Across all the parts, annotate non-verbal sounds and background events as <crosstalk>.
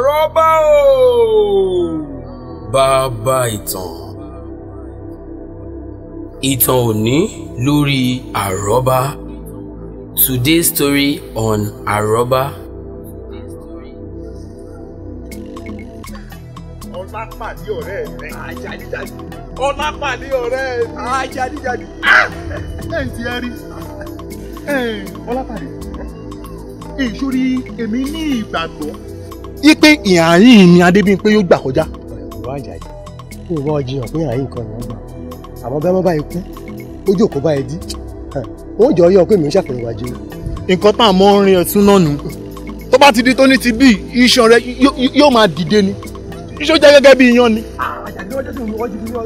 àrọ́bá o. bàbá ìtàn ìtàn òní lórí àrọ́bá today's story on àrọ́bá. ọlá pàdé ọ̀rẹ́ rẹ̀ ajalijadi ọlá pàdé ọ̀rẹ́ rẹ̀ ajalijadi ẹ̀ ń ti ẹ rí ọlá pàdé èyí sórí èmi ní ìgbàgbọ́ yí pé ìhàyín mi adébíyí pé yóò gbà kọjá. ìwọ ajayi kí ìwọ jiyàn pé ìhàyín kan ni wọn gbà àmọ́ bí wọn bá yẹ kú ó jókòó bá yẹ dí wọn jọ yọ pé mi ń ṣàpèrè wájú. nǹkan tá à mọ orin ẹ̀sùn náà nù tó bá ti di tó ní ti bí iṣan rẹ yóò máa dìde ni iṣó jẹ́ gẹ́gẹ́ bí iyán ni. àjàdí wọn jẹ́ sùn ojú yín lọ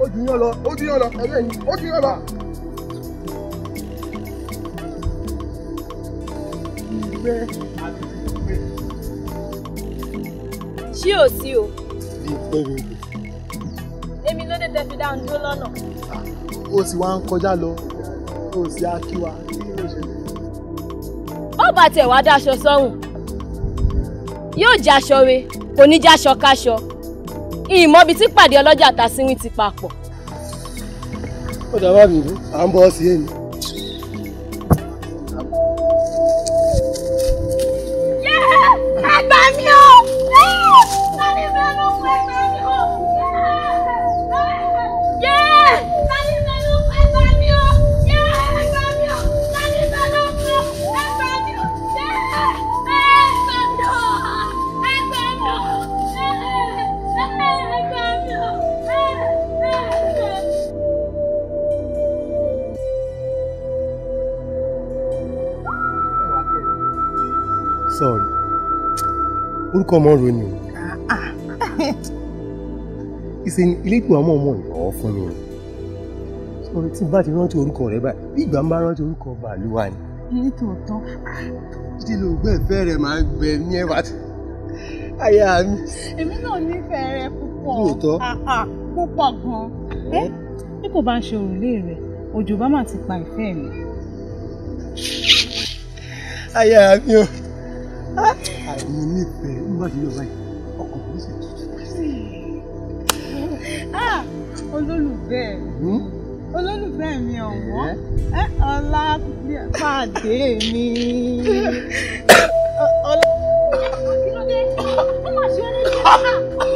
ojú yín lọ ojú yín lọ ẹ̀rẹ́ yín ojú yín lọ. Yeah. tí ò sí o. èmi ló dé tẹ́fi dáhùn dúró lọ́nà. ó sì wá ń kọjá lọ ó sì á kí wa kí bá tẹ̀ wá dáṣọ sọ́hùn yóò jáṣọ re kò ní jáṣọ káṣọ ìmọ̀bi tí pàdé ọlọ́jà tàṣíwìn ti papọ̀. ó dábàá mi à ń bọ́ sí ẹni. kọ́ mọ́ ronú o. Ah, ah. ìṣe ni ilégbò àmọ́ ọmọ ìrànwọ́ fún mi o. sọ̀rọ̀ tí n bá ti rántí orúkọ rẹ báyìí bí ìgbà ń bá rántí orúkọ bàálùwà ni. nítòótọ́. kí ló gbẹ bẹ́ẹ̀rẹ̀ máa gbẹ ní ẹ̀wà tí. àyà mi. èmi náà nífẹ̀ẹ́ rẹ púpọ̀. lóòótọ́. Ah, púpọ̀ gan-an. Eh, bí kò bá ń ṣe òrùlé rẹ òjò bá mà ti pa ìfẹ́ mi. àyà mi o àìní nífẹ̀ẹ́ nígbà tí yóò báyìí ọkàn mi sì tutù pèsè. <laughs> Ah, olólùfẹ́ hmm? olólùfẹ́ mi ọ̀wọ́n ọlá pàdé mi. <laughs> ọlá kí ló dé ó mà ṣe é ní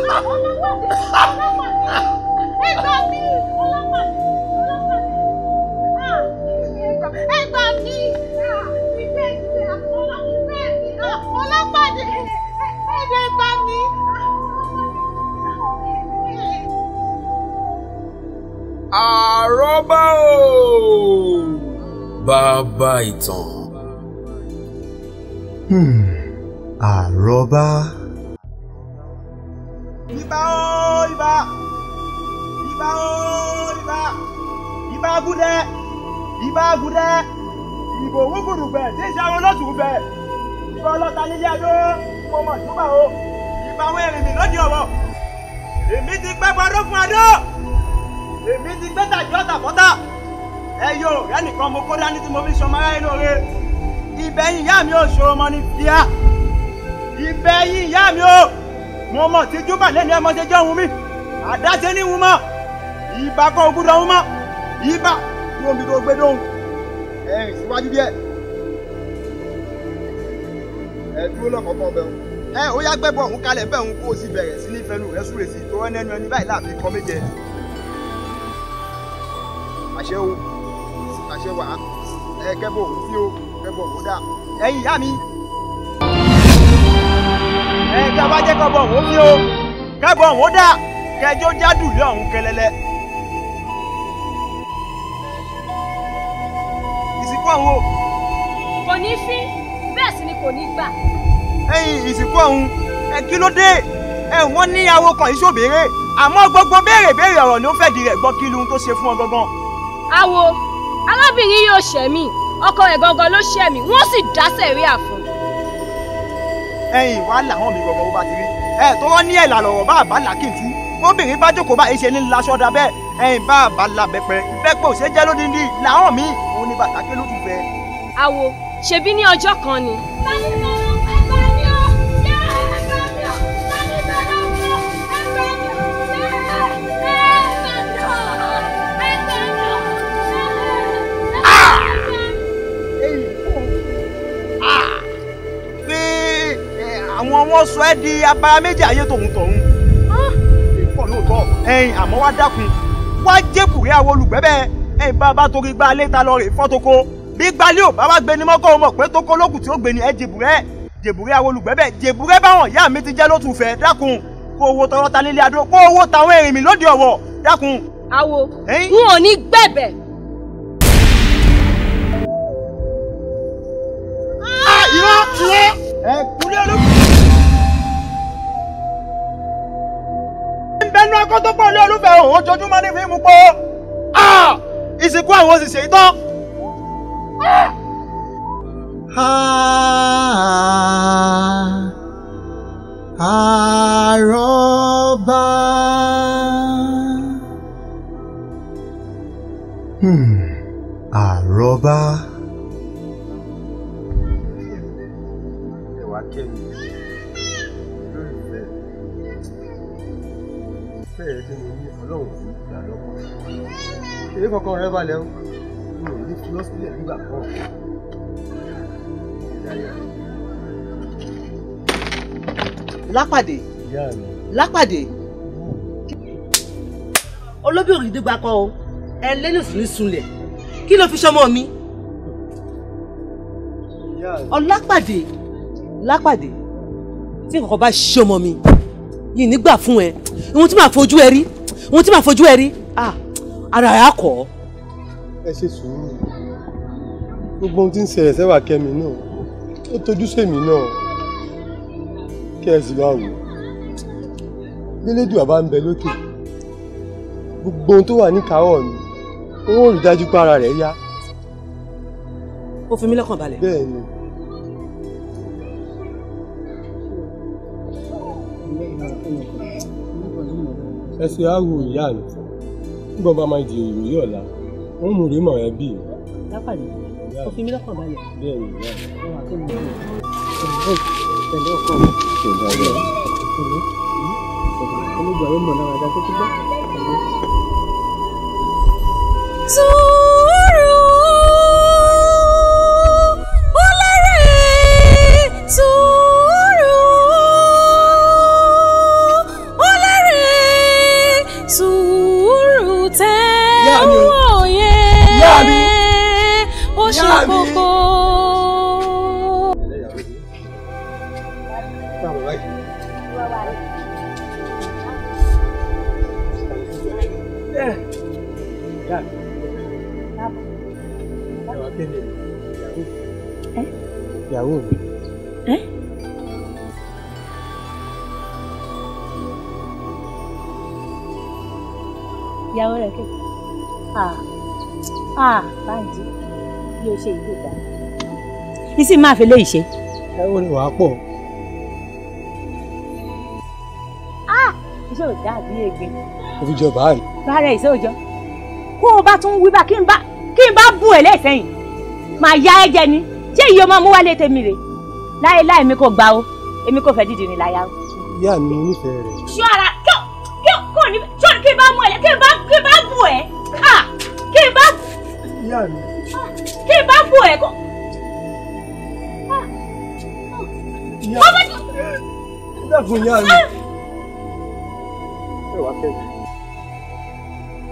ṣe é ọlá pàdé mi. àrọ́bá o. bàbá ìtàn. Hmm, àrọ́bá. ibà o ibà ibà o ibà ibà gúdẹ ibà gúdẹ ìbò wúgùrù bẹ tí ìṣe àwọn olóṣùwù bẹ ìbò ọlọ́ta nílé adó mo mọ̀ túbà o ìbà wẹ́rìn mi lóde ọ̀wọ́ èmi ti pẹ́ bọ́dún fún adó èmi ti gbé tàjú àtàbọ́tà ẹyọ ọ̀rẹ́ nìkan mo kó dání tí mo fi sọmọ aráyé lóore ìbẹ̀yìn ìyá mi ò ṣòro mọ́ ní bíà ìbẹ̀yìn ìyá mi ò mo mọ̀ tí júbà lẹ́nu ẹ̀ mọ́ ṣe jẹ́ òun mi àdáṣe ní ìwú mọ́ ìbá kọ́ ogúdọ̀ òun mọ́ ìbá ní omi tó gbé dóhùn ẹ̀rìn síwájú díẹ̀ ẹ̀ dúró lọ́kọ̀ọ́kọ́ ọbẹ̀ òun ẹ ó yá gbẹ́bọ̀ òun kalẹ̀ bẹ́ẹ̀ òun kó o sì bẹ̀rẹ̀ sí ní fẹnu rẹ súre sí i tó rẹ́ nẹ́nu ẹni báyìí láàfin kọ́ méje àṣẹ o àṣẹ wà ẹ kẹ́bọ̀ òun bí o kẹ́bọ̀ òun dà ẹ̀yin ìyá mi ẹ tí a bá jẹ́ kẹ́bọ̀ òun bí o kẹ́bọ̀ òun dà kẹjọ jádùn ọ̀hún kẹlẹlẹ. ìsìnkú ọ̀hún o. kò ní fín bẹ́ẹ̀ sì ni kò ní gbà. ẹ̀yin ìsìnkú ọ̀hún ẹ kí ló dé ẹ wọ́n ní awo kan ìṣòbéèrè àmọ́ gbogbo béèrè béèrè ọ̀rọ̀ ló fẹ́ di rẹ̀ gbọ́ kí lóhun tó ṣe fún ọ gangan. Awo, arábìnrin yóò ṣẹ̀mí ọkọ rẹ̀ gangan ló ṣẹ̀mí wọ́n sì dá sẹ̀ríà fún. ẹ̀yin wàá làwọn mi gbọgbọ bó bá ti rí ẹ tó rán ní ẹ̀là lọ̀rọ̀ bá àbá là kìntì obìnrin bá jókòó bá ìṣe ní lasọ da bẹ́ẹ̀ ẹ̀yin bá àbá la bẹ̀pẹ̀ ìbẹ́pẹ̀ ò ṣe jẹ́ lódìndín làwọn mi òun ni bàtàkì ló ti fẹ́. àwo ṣebí ní ọjọ́ kan ni. wọ́n sọ ẹ́ di abara méjì ayé tòun tọ̀hún. Ah. èèpọ̀ lóòótọ́ ẹ̀yìn àmọ́ wá dákun wá jẹ́kùrẹ́ àwọn olùgbẹ́bẹ́ ẹ̀yìn bàbá torí gba alẹ́ ta lọ rè fọ́toko bí gbalẹ́ ò bá wá gbé ni mọ́kọ́ mọ̀ pé tó kó lókùn tí ó gbé ni ẹ̀ jèbùrẹ́ jèbùrẹ́ àwọn olùgbẹ́bẹ̀ jèbùrẹ́ báwọn ìyá mi ti jẹ́ ló tún fẹ́ dákun kó owó tọrọ ta nílé adó kó owó tàwọn èrìn mi lóde ọ̀wọ̀ dákun. àwo n ò ní gbẹ̀bẹ̀. Ah, irọ́ irọ́. kó tó pọ̀ lé olúfẹ́ òun ojoojúmọ́ ní fíìmù pọ́ ìsìnkú àwọn òṣìṣẹ́ ìtàn. àròbá. àròbá. Hmm. Àròbá. ìfẹ́ tí mo ní ọlọ́run ní ìgbà lọ́kọ̀ ṣeré kankan rẹ balẹ̀ o mi ò ní fi ọ́ sílẹ̀ nígbà kan. lápàdé lápàdé hmm. olóbì òrìdí gbakọ o ẹ lẹ́nu sì ní sunlẹ̀ kí ló fi ṣọmọ mi ọlápàdé lápàdé tí nǹkan bá ṣọmọ mi yìí nígbà fún ẹ ohun tí màá fojú ẹ rí ohun tí màá fojú ẹ rí ara ẹ á kọ́. ẹ ṣe sùúrù gbogbo ohun tí ń ṣẹlẹ̀ sẹ́wà kẹ́mi náà ó tojú sèmi náà kẹ́ ẹ sì bá wò lélédùn àbá ń bẹ lókè gbogbo ohun tó wà ní káwọ́ mi ó rí dájú pé ara rẹ̀ yá. ó fi mí lọ́kàn balẹ̀. bẹ́ẹ̀ ni. ẹsẹ̀ àrùn ìyá mi nígbà bá máa di ìròyìn ọ̀la wọ́n mú rímọ̀ ẹ bí. lápàdé kò fi mí lọ́kàn balẹ̀. bẹ́ẹ̀ ni ìyá mi. ọ̀rọ̀ àkẹ́mi pẹ̀lú ọkọ mi. pẹ̀lú ọkọ mi. pẹ̀lú ọkọ mi. pẹ̀lú ọkọ mi. Ah, báńjì bí o ṣe ìlú ìdá isi máa fi léyìí ṣe. ẹ ó ní wàá pọ̀. Ah, iṣẹ́ ò dá àbí ege. o báyìí. bára iṣẹ́ òjọ́ kó o bá tún wí bá kí n bá kí n bá bù ẹ̀ lẹ́sẹ̀yìn màá ya ẹ ni ṣé iye ọmọ mú wálé tèmi rè láéláé mi kò gbà o èmi kò fẹ́ dídì ní láyà o. ìyá mi nífẹ̀ẹ́ rẹ̀. ṣọ́ ara kí kò ní kí n bá mú ẹ kí n bá bù ẹ ìyá mi. kí n bá bù ẹ kọ. ìyá mi dàgbò ìyá mi. ẹ wá kẹ́kẹ́ ẹ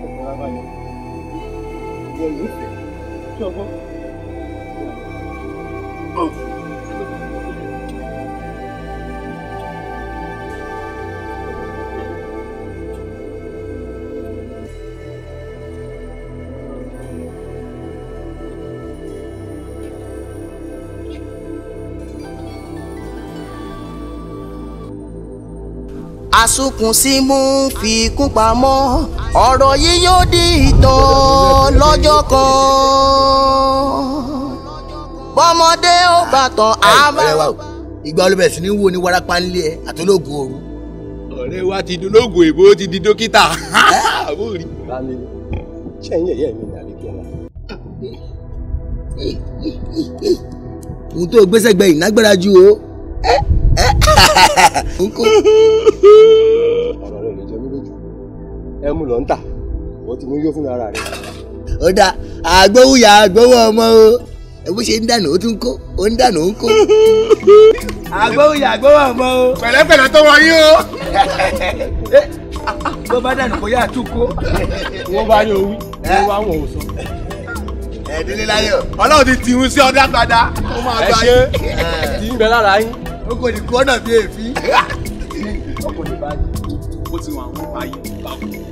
fẹ́ra bá yẹn ìwọ ìlú fẹ́ ọgbọ́n. asukun sí mú fi kún pamọ́ ọ̀rọ̀ yìí yóò di ìtàn lọ́jọ́ kan bọ́mọdé ó bàtàn àmà. ọ̀rẹ́ wa o ìgbà olóbẹ̀ sí ni wo ni warapa ń lé ẹ àtológun ooru. ọ̀rẹ́ wa ti dológun èbó ti di dókítà. ṣé tó gbéṣẹ́ gbẹ̀yìn nágbára ju o ẹmu lọ ń tà wọ́n ti mú yó fún ara rẹ̀. ó dà àgbówúyà àgbówó ọmọ o ẹbú ṣe ń dànù ó tún kó ó ń dànù ó ń kó. àgbówúyà àgbówó ọmọ o. pẹ̀lẹ́pẹ̀lẹ́ tó wọ yín o. tó bá dànù kó yà tún kó. wọ́n bá yóò wí wọ́n bá wọ̀ ọ́ sọ. ẹ̀ẹ́dínlẹ́ láyọ̀ ọlọ́run ti tìhun sí ọdá padà ó máa gbá yín. tí ń bẹ lára yín. ó kò ní kú ọ̀nà bíi èéfín. ọkùnrin bá yín ó ti wà wọ́n.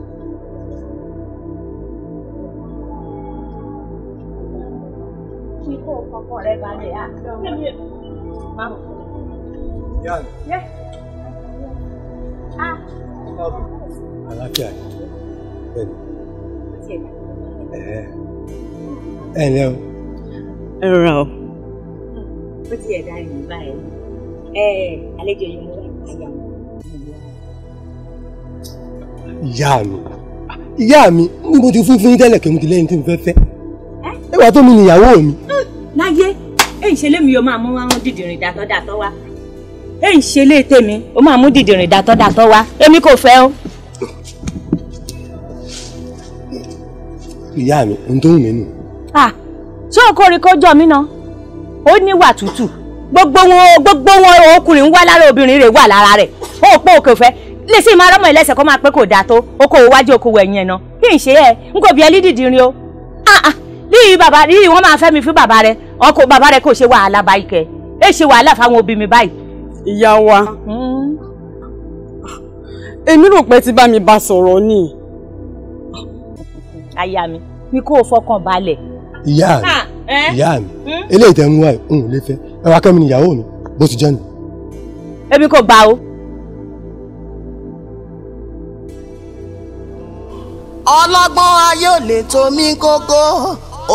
Ma'am. Yan. Yes. Ah. Àlàáfíà ni. Bẹ́ẹ̀ni. Ẹ ẹ ǹlẹ́ o. Ẹ rọra o. Hmm. Ó ti ẹ̀dá ìrìn báyìí. Ẹ àlejò yìí mo wá ìpayà. Ìyá mi. Ìyá mi, níbo ti fún fún tẹ́lẹ̀ kí n ti lẹ́yìn tí mo fẹ́ fẹ́? mi ni ìyàwó mi. Hmm. Láyé. e ṣe lémi o máa mú dìdìrìn dàtọ́ dàtọ́ wá ṣe lé máa kò fẹ́ o. ìyá mi ohun tó wù mí nù. ṣé okòrin kó náà ó níwà tútù gbogbo wọn gbogbo wọn ọkùnrin wá lára obìnrin rẹ̀ wà lára rẹ̀ ó pọ̀ òkè òfẹ́ lè sì máa rọ́mọ ẹlẹ́sẹ̀ máa kò tó okòwò wájú okòwò ẹ̀yìn ẹ̀ náà yìí bàbá yìí wọ́n máa fẹ́ mi fún bàbá rẹ ọkọ bàbá rẹ kò ṣe wàhálà báyìí kẹ ẹ ṣe wàhálà fáwọn òbí mi báyìí. ìyá wa hmm. èmi rò pé ti bá mi bá sọ̀rọ̀ ni. aya mi mi kò fọkàn balẹ̀. ìyá mi ìyá mi hmm? eléyìí tẹ ń wá ẹ ń lè fẹ́ ẹ wá kẹ́mi níyàwó mi bó ti jẹ́ nù. èmi kò gbà o. ọlọ́gbọ́n ayé ò lè tó mí kókó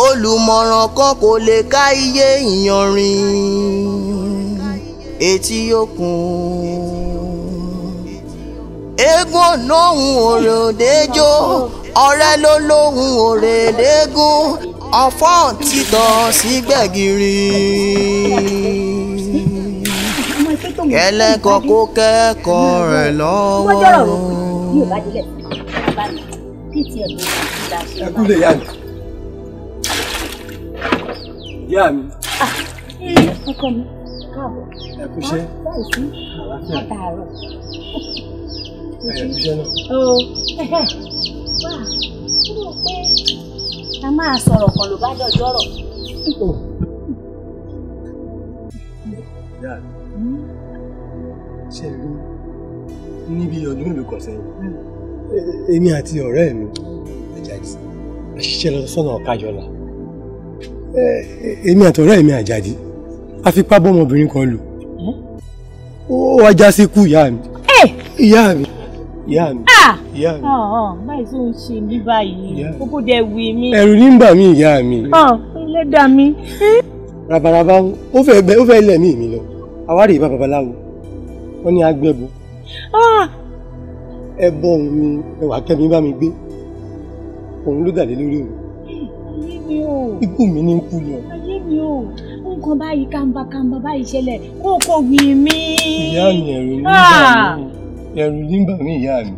olùmọ̀ràn kan kò lè ká iye ìyanrìn etí òkun eégún olóhùn òròdéjó ọ̀rẹ́ ló lóhùn òrèdégún ọ̀fọ̀ títọ́ sí gbẹ̀gìrì. kẹlẹ́kọ̀ọ́ kó kẹ́kọ̀ọ́ rẹ̀ lọ́wọ́. ẹ kúlẹ̀ yára ìyá mi. Ah, ọkọ mi káàbọ̀. ẹ kú iṣẹ́. Ah, báyìí sí látàárọ̀. ẹ kú iṣẹ́ náà. ó <laughs> oh, wà kí ló pé a máa sọ̀rọ̀ kan ló bá dọ̀jọ́ rọ̀. Oh. ìyá mi hmm? ṣe rí níbi ọdún mélòó kan sẹ́yìn èmi àti ọ̀rẹ́ mi ẹ̀jẹ̀ àìsàn a lọ sọ́nà ọ̀kájọ́lá. Eh, èmi àtọ̀rẹ́ mi àjàdí a fi pábọ́ ọmọbìnrin kan lò ó wá já sí kú eh! ìyá mi. ìyá mi ah! ìyá mi ìyá ah, mi. Ah, báyìí tó ń ṣe mí báyìí kókó jẹ wí mi. ẹ̀rù ní ń bà mí ìyá mi. ẹlẹ́dà mi. rabaraba eh! ó fẹ́ bẹ ó fẹ́ lẹ̀ mí mi lọ àwárí ìbá babaláwo wọ́n ní agbẹ́bọ. ẹbọ òun ni ẹwà kẹ́mi bá mi gbé òun ló dà lé lórí òun mi o. igun mi ní kú ni o. ayé mi o nǹkan báyìí kàmbàkàmbà báyìí ṣẹlẹ̀ kó o kò wí mi. ìyá mi ẹ̀rù ní bà ah! mí ẹ̀rù ní bà mí ìyá mi.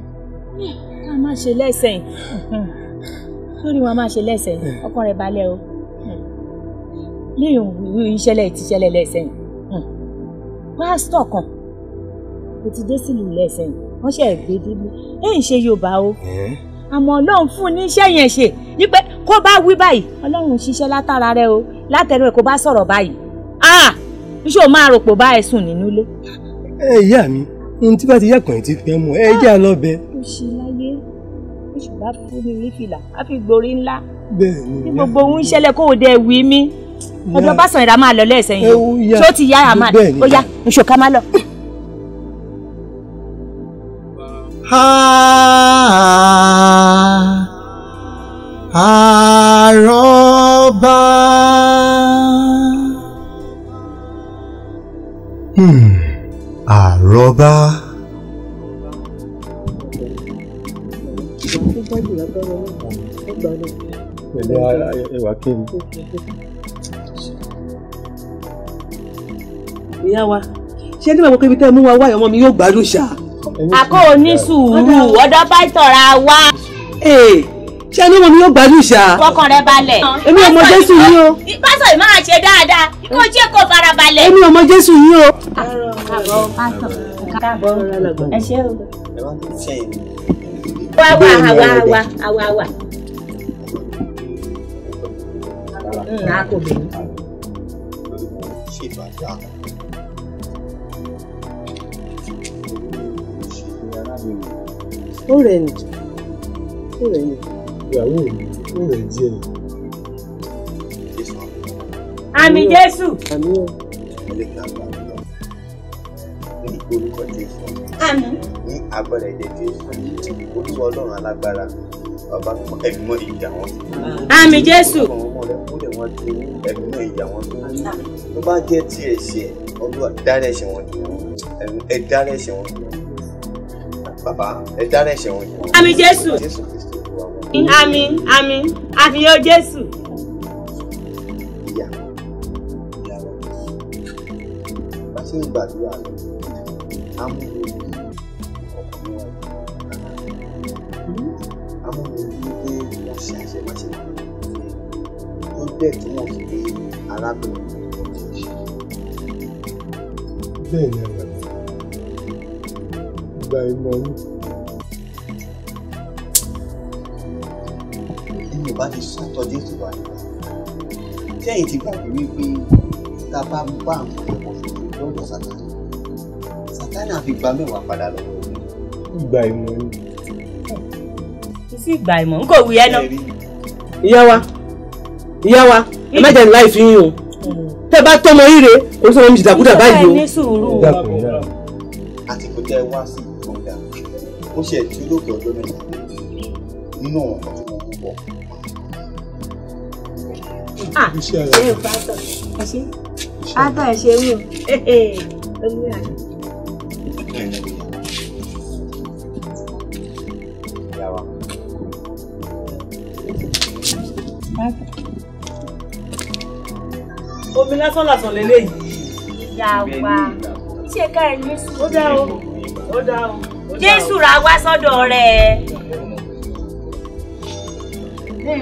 ká má ṣe lẹ́sẹ̀ sórí wọn má ṣe lẹ́sẹ̀ eh. ọkàn rẹ̀ balẹ̀ o lẹ́yìn ìṣẹ̀lẹ̀ ti ṣẹlẹ̀ lẹ́sẹ̀ pásítọ̀ kan kò ti dé sílùú lẹ́sẹ̀ wọ́n ṣe gbé délé ẹ̀ ṣe Yorùbá o. Eh? àmọ́ ọlọ́run fún ní iṣẹ́ yẹn ṣe ní pé kó bá wí báyìí ọlọ́run ṣiṣẹ́ látara rẹ o látẹnu ẹ̀ kó bá sọ̀rọ̀ báyìí ah iṣẹ́ ò máa ròpò bá ẹ sùn nínú ilé. ẹ ìyá mi ohun tí bá ti yàkùn ẹ̀ ti fẹ́ mu ẹ já lọ bẹ. ó ṣe láyé oṣù bá fún mi ní fìlà á fi gborí ńlá ní gbogbo ohun ìṣẹ̀lẹ̀ kó o dẹ wí mí ọdọ bá ìdá máa lọ lẹ́sẹ̀ yìí ṣé ti Ah àrọ́bá. Hmm. àrọ́bá. pẹ̀lú ẹwà kéwì. ìyá wa ṣé nígbà gbogbo ibi tẹ́ ẹ mú wa wá ọmọ mi yóò gbádùn ṣá. àkó o ní sùúrù ọ̀dọ̀ bá tọ̀ra wá ṣé ẹni wọn mi yóò gbádùn ṣá. fọkàn rẹ balẹ̀. èmi ọmọ jésù yín o. pásítọ̀ yìí máa ṣe dáadáa kó jẹ́ kó fara balẹ̀. èmi ọmọ jésù yín o. káàbọ̀ ẹ ṣé o. wá wá àwa àwa àwa àwa. a kò bẹ̀rù. ó rẹ̀ nì ó rẹ̀ nì ìyàwó mi ó rẹ̀ díẹ̀. àmì jésù. àmì o. orúkọ jésù. àmì. ní agbára ẹ̀jẹ̀ jésù orúkọ ọlọ́run alágbára bàbá ẹ̀mí mọ́ ìjà wọn. àmì jésù. ọmọ ọmọ rẹ kúlẹ̀ wọn tó ẹ̀mí mọ́ ìjà wọn tó. tó bá jẹ́ tí ẹ ṣe olúwa dárí ẹ̀ṣẹ̀ wọn jù ẹ dárí ẹ̀ṣẹ̀ wọn jù bàbá ẹ dárí ẹ̀ṣẹ̀ wọn jù. àmì jésù. jésù Ami, Ami, Ami, jésù. ìyá ìyá wa bá ṣe ń gbàdúrà lọ amúlòdì ọkùnrin wa amúlòdì pé wọ́n ṣe àṣemáṣe tó bẹ́ẹ̀ tí wọ́n fi pé arábìnrin bẹ́ẹ̀ ni ẹ̀rọ ìgbà ìmọ̀ yìí. bá ti sàn tọ́jú ètò wa nípa tẹ́yìn ti gbàgbé wípé tá a bá ń bá àwọn ọmọ fìdí lọ́dọ̀ sátánà sátánà fi gba mẹ́wàá padà lọ́wọ́ ìgbà ìmọ̀ ni. kì sí ìgbà ìmọ̀ n kò wí ẹ náà. ìyá wa ìyá wa ẹ má jẹ́ ní láì yín o tẹ́ bá tọmọ ire orí sọmọ mi ti dàkúdà báyìí o. àti kò jẹ́ wá sí ìgbọ̀ngàn ó ṣe ti olóògbé ọjọ́ mẹ́ta nínú ọ̀rọ̀ tó ń bọ̀ iṣẹ́ rẹ̀ ṣe é pátọ̀ ẹ ṣe pátọ̀ ẹ ṣe wù olúwa. omi lásán lásán lélẹ́yìí. yàwá ṣé ká ẹ Jésù. ó dá o ó dá o. Jésù ra wá sọ́dọ̀ rẹ̀. Hey,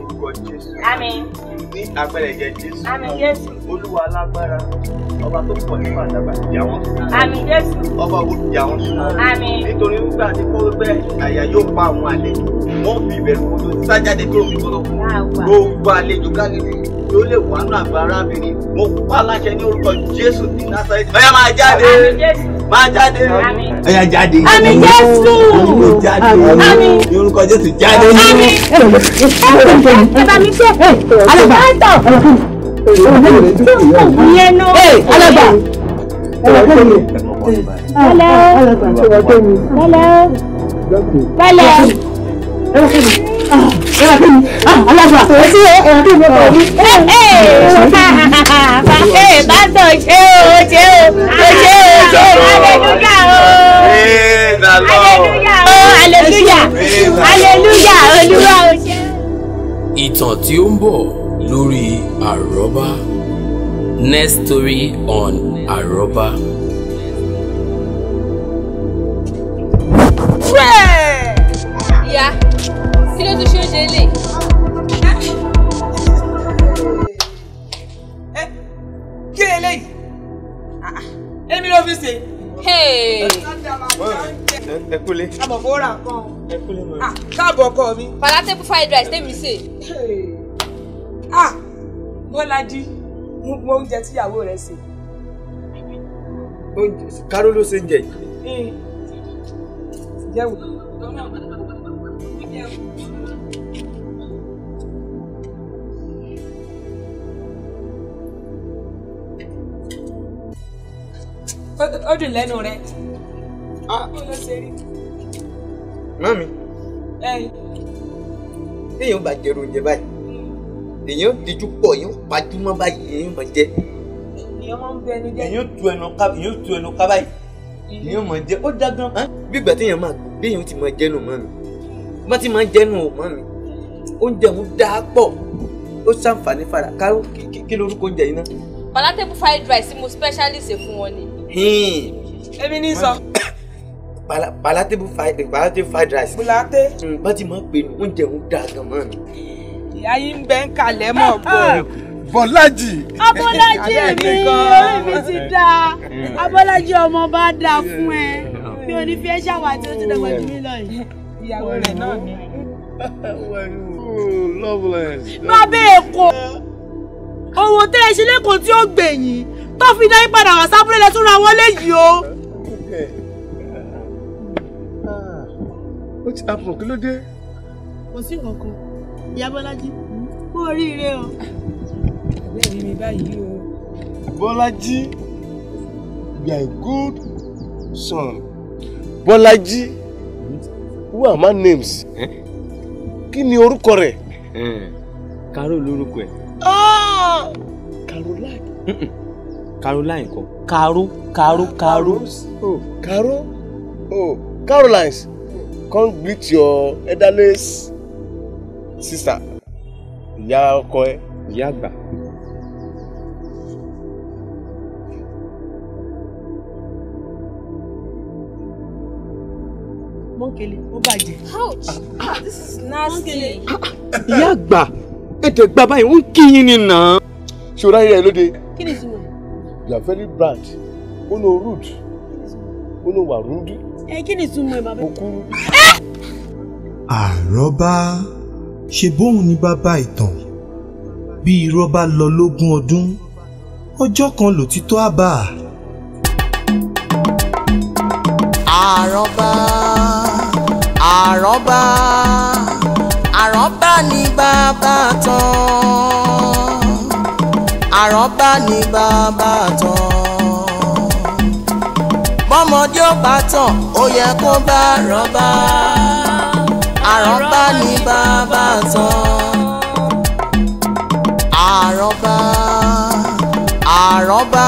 lórúkọ jésù ní agbára ẹ̀jẹ̀ jésù olúwa alágbára ọba tó pọ̀ nínú àdàbà ìyá wọn sùn ọba owó ìyá wọn sùn nítorí nígbà tí kó gbẹ àyà yóò pa àwọn àlejò wọn fi ìbẹ̀rù wọn tó sájáde kúrò fún tọ́lọ́ gbogbo àlejò káàkiri ló lè wà nù àgbà arábìnrin mo pa láṣẹ ní orúkọ jésù ní násàrẹ́tì báyà máa jáde máa jáde ẹyà jáde àmín Jésù àmín jáde àmín ní orúkọ Jésù jáde àmín ẹ bá mi ṣe àlàbà àlàbà pẹ̀lẹ́ pẹ̀lẹ́ pẹ̀lẹ́. Bàtò ṣé o ṣé o ṣé o ṣé o aleluya o aleluya o aleluya olúwa o ṣé. Ìtàn tí ó ń bọ̀ lórí àrọ́bá next story on àrọ́bá. lélẹ̀. kí lélẹ̀ yìí ah, èmi ló fi ṣe. ẹ kúlé. àbọ̀fọ́ ra kan. ẹ kúlé mọ̀. Ah, káàbọ̀ ọkọ mi. palatable fried rice tèmi ṣe. Ah, bọ́lájí mo mọ oúnjẹ tíyàwó rẹ̀ ṣe. káró ló ṣe ń jẹ yìí. Eh, jẹ́wọ́. ó dùn lẹ́nu rẹ. Ah. mami èèyàn bá jẹrù oúnjẹ báyìí èèyàn díjú pọ̀ èèyàn pajúmọ́ báyìí èèyàn máa jẹ. èèyàn máa ń bẹ ẹnu jẹ. èèyàn tu ẹnu ká èèyàn tu ẹnu ká báyìí èèyàn máa jẹ ó dágán. bí ìgbà téèyàn máa gbọ́ bí èèyàn ti máa jẹ́nu mọ́ mi bá ti máa jẹ́nu ò mọ́ mi oúnjẹ òun dáa pọ̀ ó ṣàǹfààní fara kí lórúkọ oúnjẹ yìí náà. palatable fried rice mo specially ṣe fún wọn ni. Hmm. èmi ní sọ. <coughs> palatable fried palatable fried rice. bulate. Hmm, bá ti máa pè ní oúnjẹ òun dáa gan mọ́ mi. ìyá yìí ń bẹ ń kalẹ̀ mọ̀ bọ̀. Ah, Bọ́lájì. Abọ́lájì mi mi ti da hmm. Abọ́lájì ọmọ bá da fún ẹ mi ò ní fi ẹ ṣàwà tí ó ti jù mí lọ yìí. ìyàwó rẹ̀ náà ni. <laughs> Marvel Èkó ọ̀rọ̀ tẹ́ ẹ ṣe lẹ́kọ̀ọ́ tí ó gbẹ̀yìn tó fi dá yín padà wá sábúlé lẹ́sùn ra wọlé yìí o. ó ti àpò kí ló dé. kò sí nǹkan ìyá bọ́lájí kú oríire o. ẹgbẹ́ mi báyìí o. bọ́lájí you are a good son bọ́lájí who are my names kí ni orúkọ rẹ̀. karo lórúkọ ẹ̀. Caroline. Caroline kọ. Caro Caro Caro. Caro oh, oh Carolines come greet your elderless sister ìyá ọkọ ẹ. ìyá àgbà. mọ́kele ó bàjẹ́. ouch ah, ah. this is nasty. Ah, ìyá àgbà ètè gba báyìí ó ń kí ni nà. ṣòro ayé rẹ lóde. kí ni ìtumọ̀. you are very bad ó lo rude ó lo wà rude. ẹ kí ni ìtumọ̀ ẹ bàbá. okuru. àròbá ṣe bóun ní bàbá ìtàn bí irọ́ bá lọ lógún ọdún ọjọ́ kan lòtítọ́ àbá. àròbá àròbá àrọ́bá ni bàbá tán àrọ́bá ni bàbá tán bọ́mọdé ò bá tàn ó yẹ kó bá àrọ́bá àrọ́bá ni bàbá tán àrọ́bá àrọ́bá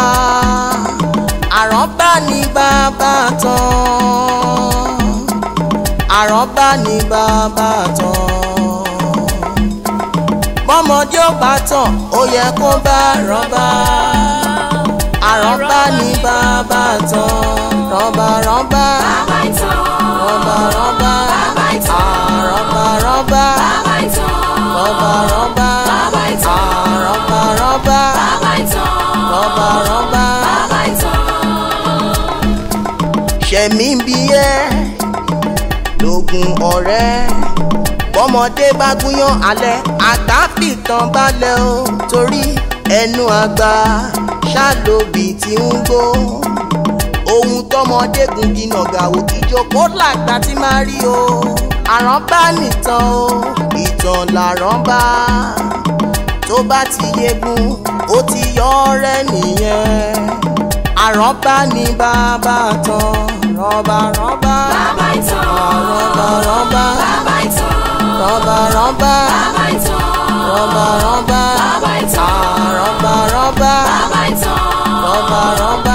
àrọ́bá ni bàbá tán àrọ́bá ni bàbá tán bọ́mọdé ó pàtàn ó yẹ kó bá rọ́bà àrọ́bà ní bàbá tán rọ́bà rọ́bà rọ́bà rọ́bà àrọ́bà rọ́bà rọ́bà rọ́bà àrọ́bà rọ́bà rọ́bà rọ́bà. ṣẹ̀mí bíyẹ́ lógún ọ̀rẹ́ bọ́mọdé bá gúnyán alẹ́ àgbà fìtàn balẹ̀ o torí ẹnu àgbà ṣàlóbì tí ń gbó ohun tọmọdé gùn jìnnà gàwó ìjókòó làgbà tí máa rí o àrán bá nìtàn o ìtàn làrán tó bá ti yegun ó ti yọ ọrẹ nìyẹn àrán ni ní bàbá tán rọba rọba bàbá ìtàn rọba rọba bàbá ìtàn rọ́bà rọ́bà rọ́bà rọ́bà rọ́bà rọ́bà rọ́bà rọ́bà.